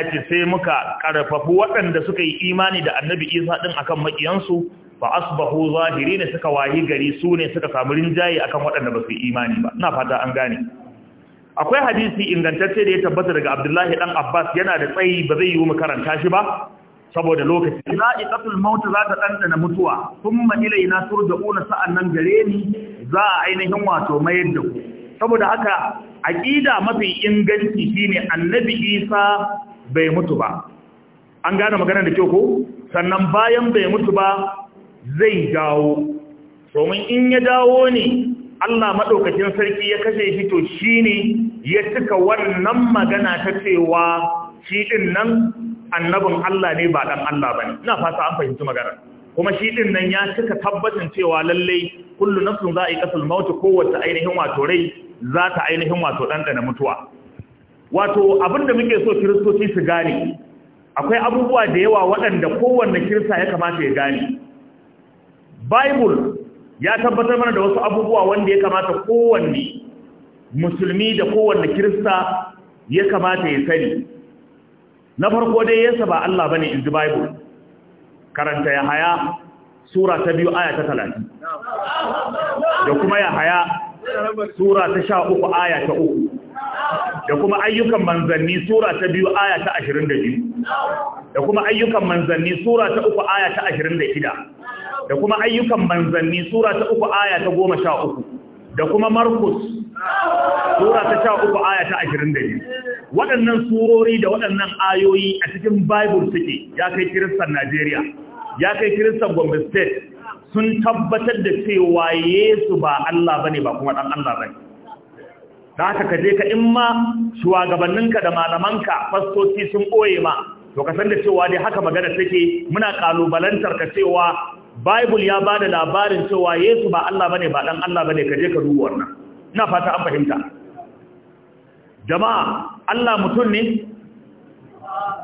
ya ce sai muka karfafu waɗanda suka yi imani da annabi isa ɗin akan makiyansu. fa asbahu zahirin suka wayi gari sune ne suka samu rinjaye akan waɗanda ba su imani ba ina fata an gane akwai hadisi ingantacce da ya tabbata daga Abdullahi dan Abbas yana da tsayi ba zai yi mu karanta shi ba saboda lokaci za'iqatul maut za ta na mutuwa da ilaina sa'an nan gare ni za a ainihin wato mayar da ku saboda haka aqida mafi inganci shine annabi Isa bai mutu ba an gane magana da kyau ko sannan bayan bai mutu ba zai dawo domin in ya dawo ne Allah maɗaukacin sarki ya kashe shi to shi ne ya cika wannan magana ta cewa shi ɗin nan annabin Allah ne ba ɗan Allah ba ne ina fasa an fahimci magana kuma shi ɗin nan ya cika tabbacin cewa lallai kullu nafsun za a yi ƙasar mautu kowace ainihin wato rai za ta ainihin wato ɗanɗana mutuwa wato abin da muke so kiristoci su gane akwai abubuwa da yawa waɗanda kowanne kirista ya kamata ya gane bible ya tabbatar mana da wasu abubuwa wanda ya kamata kowanne musulmi da kowanne kirista ya kamata ya sani na farko dai yasa ba Allah bane in ji bible karanta ya haya sura ta biyu aya ta talatin da kuma ya haya sura ta sha uku aya ta uku da kuma ayyukan manzanni sura ta biyu aya ta ashirin da biyu da kuma ayyukan manzanni sura ta uku aya ta ashirin da shida da kuma ayyukan manzanni sura ta uku aya ta goma sha uku da kuma markus sura ta sha uku aya ta ashirin da waɗannan surori da waɗannan ayoyi a cikin bible suke ya kai kiristan najeriya ya kai kiristan gombe state sun tabbatar da cewa yesu ba allah ba ne ba kuma ɗan allah ba ne da haka ka ka in ma shugabanninka da malamanka fastoci sun ɓoye ma to ka san da cewa dai haka magana take muna kalubalantar ka cewa bible ya bada labarin cewa yesu ba Allah bane ba dan Allah bane kaje ka duba wannan ina fata an fahimta jama'a Allah mutum ne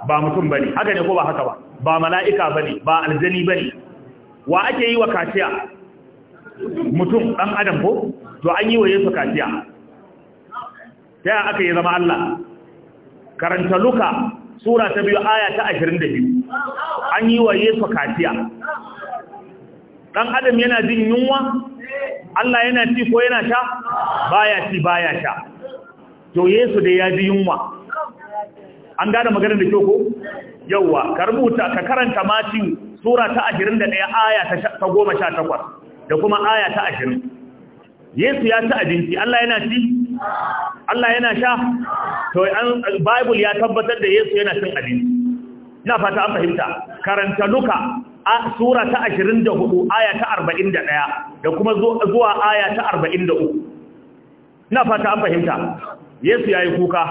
ba mutum bane haka ne ko ba haka ba ba mala'ika bane ba aljani bane wa ake yi wa kaciya mutum dan adam ko to an yi wa yesu kaciya ta yaya aka yi zama Allah karanta luka sura ta biyu aya ta 22 an yi wa yesu kaciya dan adam yana jin yunwa Allah yana ci ko yana sha baya ci baya sha to Yesu da ya ji yunwa an gane maganar da kyau ko yawwa ka rubuta ka karanta mati sura ta 21 aya ta 18 da kuma aya ta 20 Yesu ya ci abinci Allah yana ci Allah yana sha to an Bible ya tabbatar da Yesu yana cin abinci ina fata an fahimta karanta Luka sura ta 24 aya ta 41 da kuma zuwa aya ta 43 ina fata an fahimta yesu yayi kuka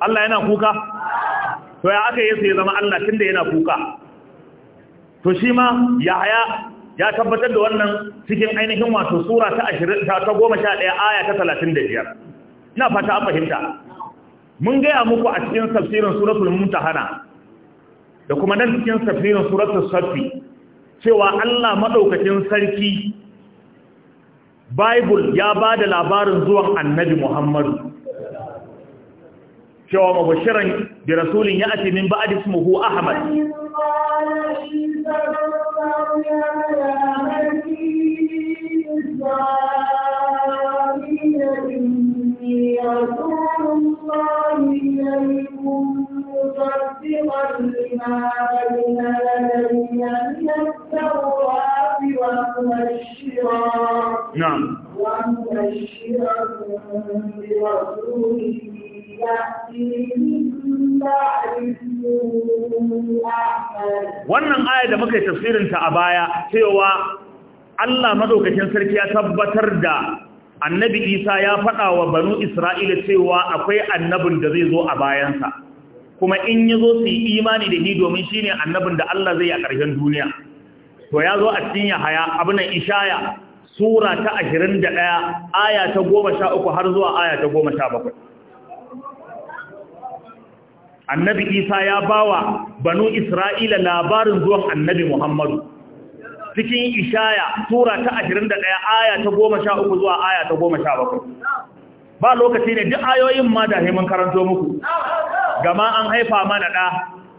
Allah yana kuka to ya aka yesu ya zama Allah tunda yana kuka to shi ma yahaya ya tabbatar da wannan cikin ainihin wato sura ta 20 ta 11 aya ta 35 ina fata an fahimta mun gaya muku a cikin tafsirin suratul mumtahana da kuma nan cikin safirin suratul safi cewa Allah madaukakin sarki Bible ya ba da labarin zuwan annabi Muhammadu cewa mabashiran da rasulun ya ati min ba'ad ismuhu Ahmad Ya بين من نعم Wannan aya da muka yi tafsirinta a baya cewa Allah madaukakin sarki ya tabbatar da annabi Isa ya faɗa wa banu Isra'ila cewa akwai annabin da zai zo a bayansa. kuma in ya zo su yi imani da shi domin shi ne annabin da Allah zai a ƙarshen duniya to ya zo a cikin yahaya abinan ishaya sura ta ashirin da ɗaya aya ta goma sha uku har zuwa aya ta goma sha bakwai annabi isa ya bawa banu isra'ila labarin zuwan annabi muhammadu cikin ishaya sura ta ashirin da ɗaya aya ta goma sha uku zuwa aya ta goma sha bakwai ba lokaci ne duk ayoyin ma da karanto muku gama an haifa mana ɗa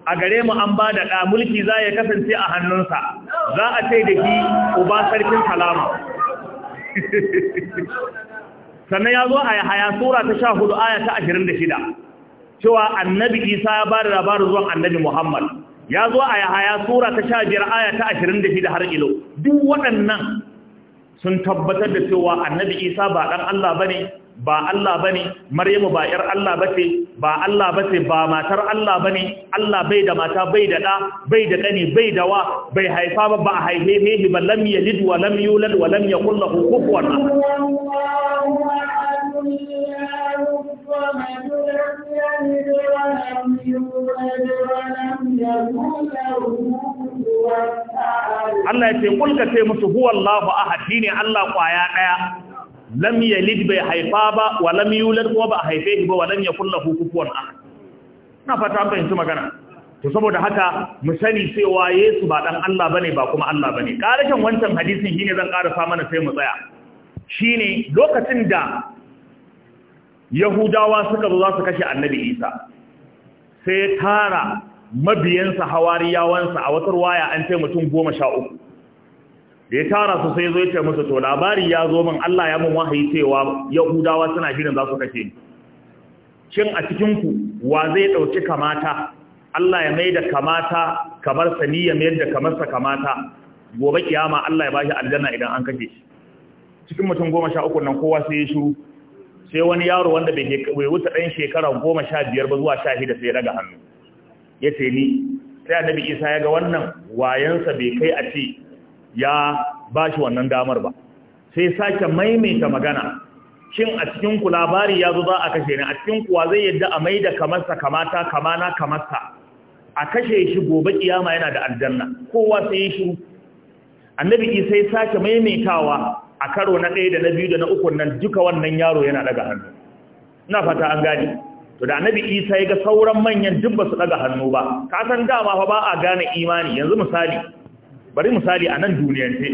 a gare mu an bada da ɗa mulki za ya kasance a hannunsa za a ce da ki uba sarkin salama sannan ya zo a haya sura ta sha hudu aya ta ashirin da shida cewa annabi isa ya ba da labarin zuwan annabi muhammad ya zo a haya sura ta sha biyar aya ta ashirin da shida har ilo duk waɗannan sun tabbatar da cewa annabi isa ba ɗan allah ba ne ba Allah bane Maryamu ba yar Allah ba ce, ba Allah ba ce ba matar Allah bane Allah bai da mata bai da ɗa, bai da dani bai da wa bai haifa ba ba a haife hehi ba lam yalid wa lam yulad wa lam yakul lahu kufuwan Allah ya ce ƙulka ce musu huwallahu a shine Allah ƙwaya ɗaya. lam yalid bai haifa ba wa lam yulad kuma ba haife shi ba wa lam yakul lahu kufuwan ahad na fata an fahimci magana to saboda haka mu sani cewa Yesu ba dan Allah bane ba kuma Allah bane karashin wancan hadisin shine zan karasa mana sai mu tsaya shine lokacin da Yahudawa suka zo za su kashe Annabi Isa sai tara mabiyansa hawariyawansa a watar waya an ce mutum uku. da ya tara su sai zo ya musu to labari ya zo min Allah ya mun wahayi cewa Yahudawa suna shirin za su kashe ni shin a cikin ku wa zai dauki kamata Allah ya mai da kamata kamar sani ya mayar da kamar sa kamata gobe kiyama Allah ya bashi aljanna idan an kashe shi cikin mutum goma sha uku nan kowa sai ya shiru sai wani yaro wanda bai wuta dan shekara biyar ba zuwa sha shida sai ya daga hannu yace ni sai annabi Isa ya ga wannan wayansa bai kai a ce ya ba shi wannan damar ba sai sake maimaita magana shin a cikin ku labari ya zo za a kashe ni a cikin kuwa zai yadda a maida kamarsa kamata kamana kamarsa a kashe shi gobe kiyama yana da aljanna kowa sai shi annabi isa ya sake maimaitawa a karo na ɗaya da na biyu da na uku nan duka wannan yaro yana daga hannu ina fata an gane to da annabi isa ya ga sauran manyan duk ba su daga hannu ba ka san dama fa ba a gane imani yanzu misali bari misali a nan duniyance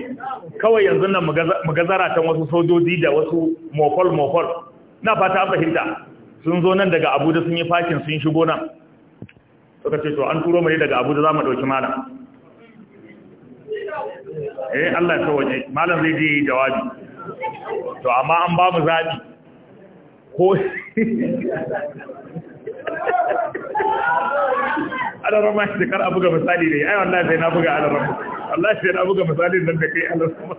kawai yanzu nan magazara ta wasu sojoji da wasu mokol-mokol, na fata an fahimta sun zo nan daga abuja sun yi fakin sun shigo nan suka ce to an turo mai daga abuja za mu ɗauki malam eh allah ta waje malam zai je jawabi to amma an ba mu zaɓi ko ana rama shi kar a buga misali ne ai wallahi sai na buga ana rama Allah shi yana buga misalin nan da kai Allah sama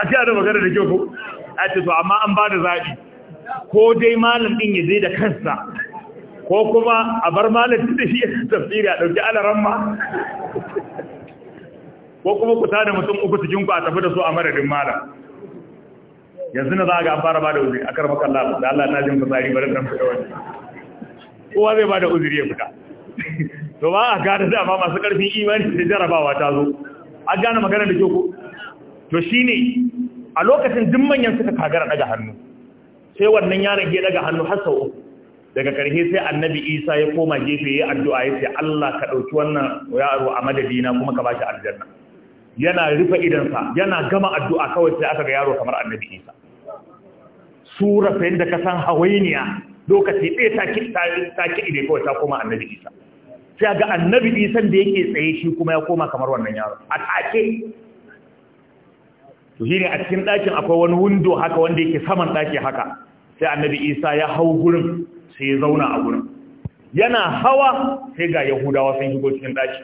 a ce da magana da kyau ko a ce to amma an ba da zaɓi ko dai malam ɗin ya je da kansa ko kuma a bar malam da shi tafsiri a ɗauki alaran ma ko kuma ku tada mutum uku cikin ku a tafi da su a madadin malam yanzu na za ga an fara ba da uzuri a karɓar da Allah na jin fasari bari ɗan fita wani kowa zai ba da uzuri ya fita to ba a gane dama masu ƙarfin imani da jarabawa ta zo a gane magana da kyau to shi ne a lokacin duk manyan suka kagara daga hannu sai wannan yaron ke daga hannu har sau daga ƙarshe sai annabi isa ya koma gefe ya addu'a ya ce allah ka ɗauki wannan yaro a madadina kuma ka ba shi aljanna yana rufe idansa yana gama addu'a kawai sai aka ga yaro kamar annabi isa sura fa yadda ka san hawainiya lokaci ɗaya ta ki kawai ta koma annabi isa sai ga annabi isan da yake tsaye shi kuma ya koma kamar wannan yaro a take to shine a cikin ɗakin akwai wani window haka wanda yake saman ɗaki haka sai annabi isa ya hau gurin sai ya zauna a gurin yana hawa sai ga yahudawa sun shigo cikin ɗaki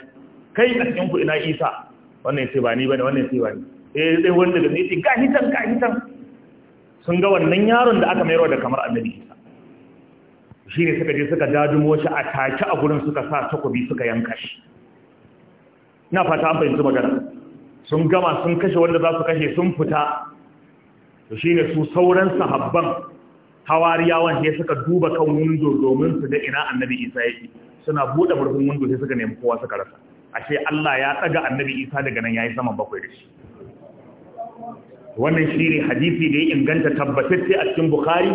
kai a cikin ku ina isa wannan sai ba ni bane wannan sai ba ni eh sai wanda da sai ga hitan ga hitan sun ga wannan yaron da aka mayarwa da kamar annabi shi ne suka je suka dadumo shi a taki a gurin suka sa takobi suka yanka shi na fata an fahimci magana sun gama sun kashe wanda za su kashe sun fita to shi ne su sauran sahabban hawariyawan ne suka duba kan wundo domin su da ina annabi isa yake suna buɗe murfin wundo sai suka nemi kowa suka rasa ashe Allah ya tsaga annabi isa daga nan yayi saman bakwai da shi wannan shi ne hadisi da ya inganta tabbatacce a cikin bukhari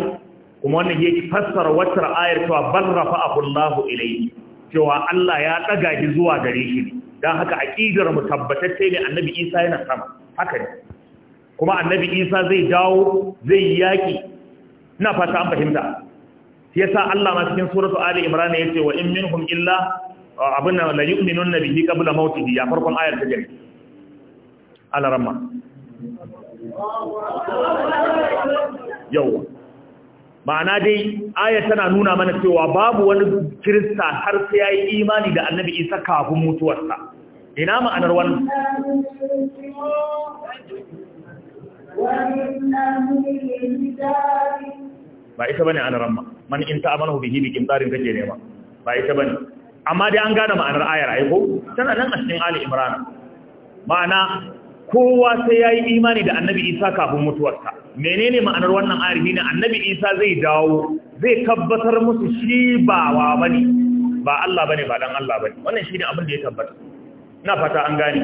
kuma wannan yi fassara wacce ayar cewa bal rafa'ahu Allahu ilayhi cewa Allah ya daga shi zuwa gare shi dan haka aqidar mu tabbatacce ne annabi Isa yana sama haka ne kuma annabi Isa zai dawo zai yaki ina fata an fahimta yasa Allah ma cikin suratu Ali Imran yace wa in minhum illa abin da la yu'minun bihi qabla mautihi ya farkon ayar ta jari. gari ramma. yawa ma'ana dai Aya tana nuna mana cewa babu wani kirista har sai ya yi imani da annabi isa kafin mutuwarsa ina ma'anar wannan ba ita bane an ramma man in ta'amanu bihi bi qintarin kake nema ba ita bane amma dai an gane ma'anar ayar ayi ko tana nan a cikin ali imran ma'ana kowa sai ya yi imani da annabi isa kafin mutuwarsa menene ma'anar wannan arihi ne annabi isa zai dawo zai tabbatar musu shi ba wa bane ba Allah bane ba dan Allah bane wannan shine abin da ya tabbata ina fata an gane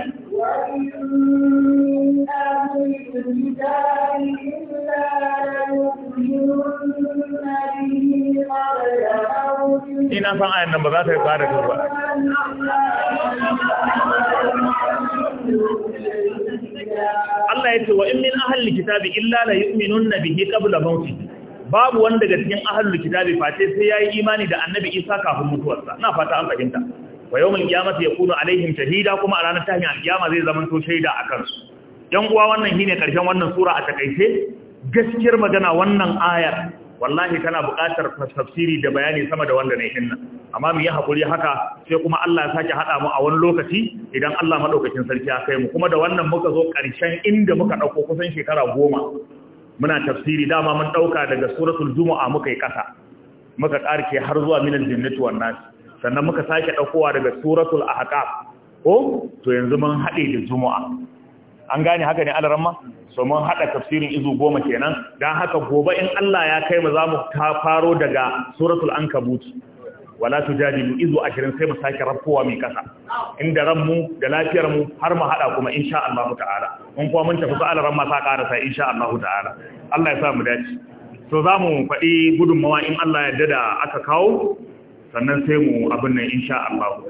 ina san ayan nan ba za ta yi ba da ba Allah ya ce wa in min ahli kitabi illa la yu'minunna bihi qabla mawti babu wanda daga cikin ahli kitabi face sai yayi imani da annabi Isa kafin mutuwarsa ina fata an fahimta wa yawmin qiyamati yakunu alaihim shahida kuma a ranar tahin kiyama zai zama to shaida akan su yan uwa wannan shine karshen wannan sura a takaice gaskiyar magana wannan ayar wallahi tana buƙatar tafsiri da bayani sama da wanda na yi amma mu yi haƙuri haka sai kuma Allah ya sake haɗa mu a wani lokaci idan Allah maɗaukacin sarki ya kai mu kuma da wannan muka zo ƙarshen inda muka ɗauko kusan shekara goma muna tafsiri dama mun ɗauka daga suratul jumu'a muka yi ƙasa muka karke har zuwa minal jinnati wan nas sannan muka sake ɗaukowa daga suratul ahqaf ko to yanzu mun haɗe da jumu'a an gane haka ne alaramma so mun hada tafsirin izu goma kenan dan haka gobe in Allah ya kai mu zamu ta faro daga suratul ankabut wala tujadilu izu 20 sai mu sake rafuwa mai kasa inda ranmu da lafiyar mu har mu hada kuma insha Allah ta'ala mun kuma mun tafi su alaramma sa rasa insha Allah ta'ala Allah ya sa mu dace so zamu faɗi gudunmawa in Allah ya da aka kawo sannan sai mu abin nan insha Allah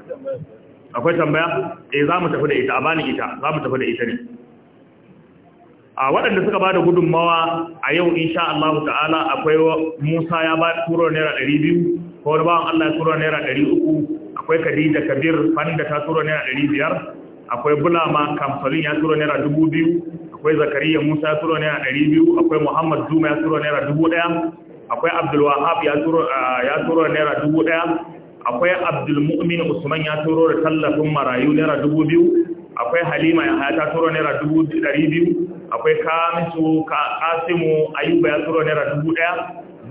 akwai tambaya eh za mu tafi da ita a bani ita za mu tafi da ita ne a waɗanda suka bada gudunmawa a yau insha Allah ta'ala akwai Musa ya ba turo naira 200 ko bawan Allah ya turo naira 300 akwai Khadija Kabir Fanda ta turo naira 500 akwai Bulama Kamsalin ya turo naira 2000 akwai Zakariya Musa ya turo naira 200 akwai Muhammad Zuma ya turo naira 1000 akwai Abdul Wahab ya turo ya turo naira 1000 akwai Abdul Mu'min Usman ya turo da tallafin marayu naira 2000 akwai Halima ya ta turo naira 2200 akwai kamisu kasimu ayuba ya turo naira dubu ɗaya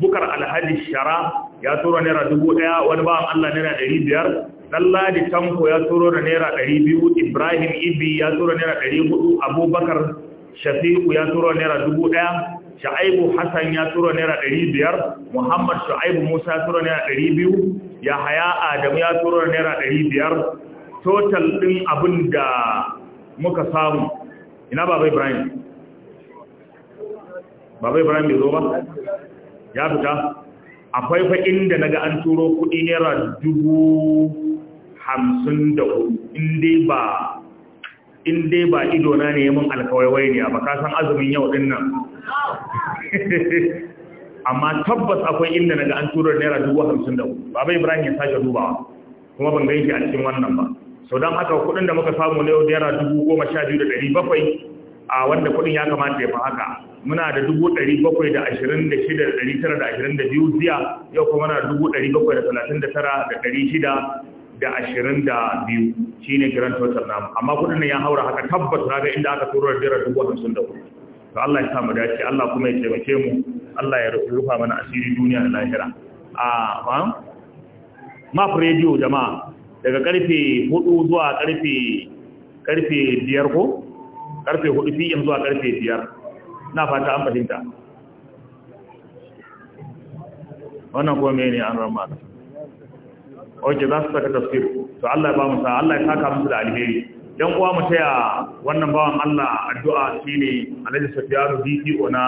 bukar alhaji shara ya turo naira dubu ɗaya wani ba allah naira ɗari biyar ɗalladi tanko ya turo da naira ɗari biyu ibrahim ibi ya turo naira ɗari hudu abubakar shafi'u ya turo naira dubu ɗaya sha'aibu hassan ya turo naira ɗari biyar muhammad sha'aibu musa ya turo naira ɗari biyu ya haya adamu ya turo naira ɗari biyar total ɗin abin da muka samu ina baba ibrahim baba ibrahim bai zo ba ya fita akwai fa inda naga an turo kudi naira dubu hamsin da hudu indai ba indai ba idona ne yamin alkawaiwai ne ba ka san azumin yau din nan amma tabbas akwai inda naga an turo naira dubu hamsin da hudu baba ibrahim ya sake dubawa kuma ban gaishe a cikin wannan ba sau don haka kudin da muka samu na yau naira dubu goma sha biyu da ɗari bakwai a wanda kudin ya kamata ya fi haka muna da 726,922 jiya yau kuma na 739,622 shi ne grand total namu amma kudin ya haura haka tabbas na ga inda aka turo da jirar 54 to Allah ya samu dace Allah kuma ya taimake mu Allah ya rufa mana asiri duniya da lahira a ma map radio jama'a daga karfe 4 zuwa karfe karfe 5 ko karfe 4 pm zuwa karfe 5 na fata an fahimta wannan kuma mene an ramana oke za su saka tafsir to Allah ya ba musa Allah ya saka musu da alheri yan kuwa mu taya wannan bawan Allah addu'a shine alaji safiyaru DTO na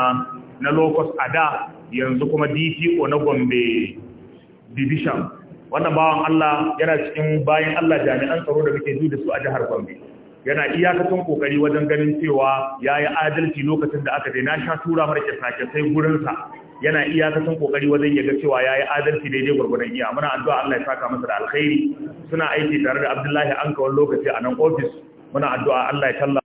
na locus Ada yanzu kuma DTO na Gombe Division wannan bawan Allah yana cikin bayan Allah jami'an tsaro da muke ji su a jihar Gombe yana iyakacin kokari wajen ganin cewa ya yi adalci lokacin da aka daina na sha tura mara gurin gurinsa yana iyakacin kokari wajen yaga cewa ya yi adalci daidai gwargwadon iya muna addu'a Allah ya saka masa da alkhairi suna aiki tare da Abdullahi an kawon lokaci a nan ofis muna addu'a Allah ya talla